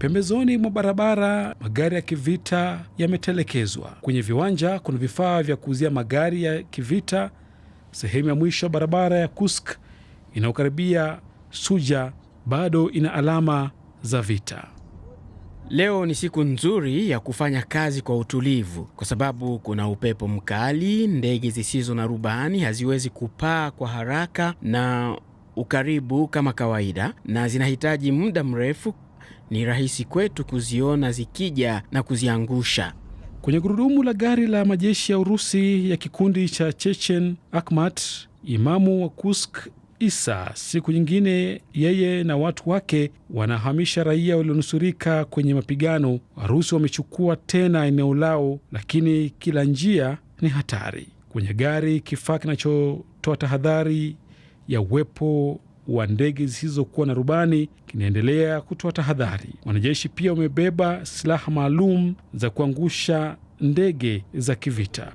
Pembezoni mwa barabara magari ya kivita yametelekezwa. Kwenye viwanja kuna vifaa vya kuuzia magari ya kivita. Sehemu ya mwisho ya barabara ya Kursk inayokaribia Suja bado ina alama za vita. Leo ni siku nzuri ya kufanya kazi kwa utulivu kwa sababu kuna upepo mkali, ndege zisizo na rubani haziwezi kupaa kwa haraka na ukaribu kama kawaida, na zinahitaji muda mrefu ni rahisi kwetu kuziona zikija na kuziangusha. Kwenye gurudumu la gari la majeshi ya Urusi ya kikundi cha Chechen akmat imamu wa Kusk Isa siku nyingine, yeye na watu wake wanahamisha raia walionusurika kwenye mapigano. Warusi wamechukua tena eneo lao, lakini kila njia ni hatari. Kwenye gari, kifaa kinachotoa tahadhari ya uwepo wa ndege zisizokuwa na rubani kinaendelea kutoa tahadhari. Wanajeshi pia wamebeba silaha maalum za kuangusha ndege za kivita.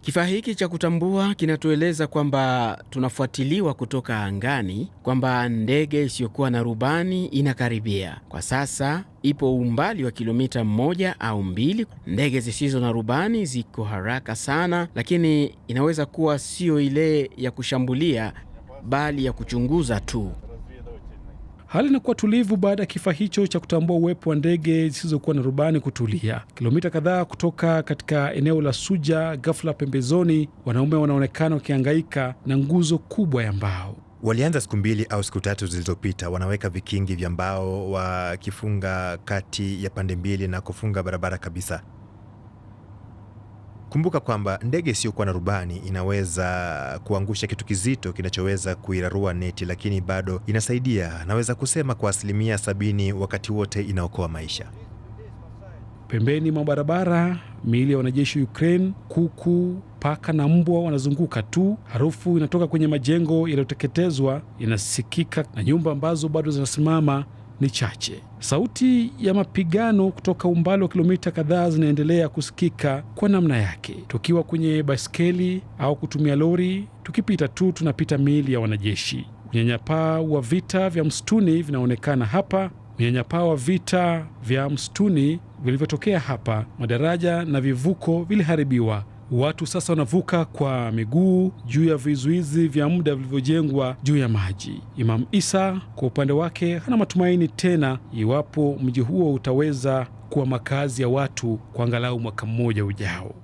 Kifaa hiki cha kutambua kinatueleza kwamba tunafuatiliwa kutoka angani, kwamba ndege isiyokuwa na rubani inakaribia. Kwa sasa ipo umbali wa kilomita moja au mbili. Ndege zisizo na rubani ziko haraka sana, lakini inaweza kuwa siyo ile ya kushambulia bali ya kuchunguza tu. Hali inakuwa tulivu baada ya kifaa hicho cha kutambua uwepo wa ndege zisizokuwa na rubani kutulia. Kilomita kadhaa kutoka katika eneo la Suja, ghafla pembezoni, wanaume wanaonekana wakihangaika na nguzo kubwa ya mbao. Walianza siku mbili au siku tatu zilizopita, wanaweka vikingi vya mbao wakifunga kati ya pande mbili na kufunga barabara kabisa. Kumbuka kwamba ndege isiyokuwa na rubani inaweza kuangusha kitu kizito kinachoweza kuirarua neti, lakini bado inasaidia. Naweza kusema kwa asilimia sabini wakati wote inaokoa maisha. Pembeni mwa barabara, miili ya wanajeshi Ukraine, kuku, paka na mbwa wanazunguka tu. Harufu inatoka kwenye majengo yaliyoteketezwa inasikika na nyumba ambazo bado zinasimama ni chache. Sauti ya mapigano kutoka umbali wa kilomita kadhaa zinaendelea kusikika kwa namna yake. Tukiwa kwenye baskeli au kutumia lori, tukipita tu tunapita miili ya wanajeshi. Unyanyapaa wa vita vya msituni vinaonekana hapa, unyanyapaa wa vita vya msituni vilivyotokea hapa. Madaraja na vivuko viliharibiwa Watu sasa wanavuka kwa miguu juu ya vizuizi vya muda vilivyojengwa juu ya maji. Imam Isa kwa upande wake hana matumaini tena iwapo mji huo utaweza kuwa makazi ya watu kwa angalau mwaka mmoja ujao.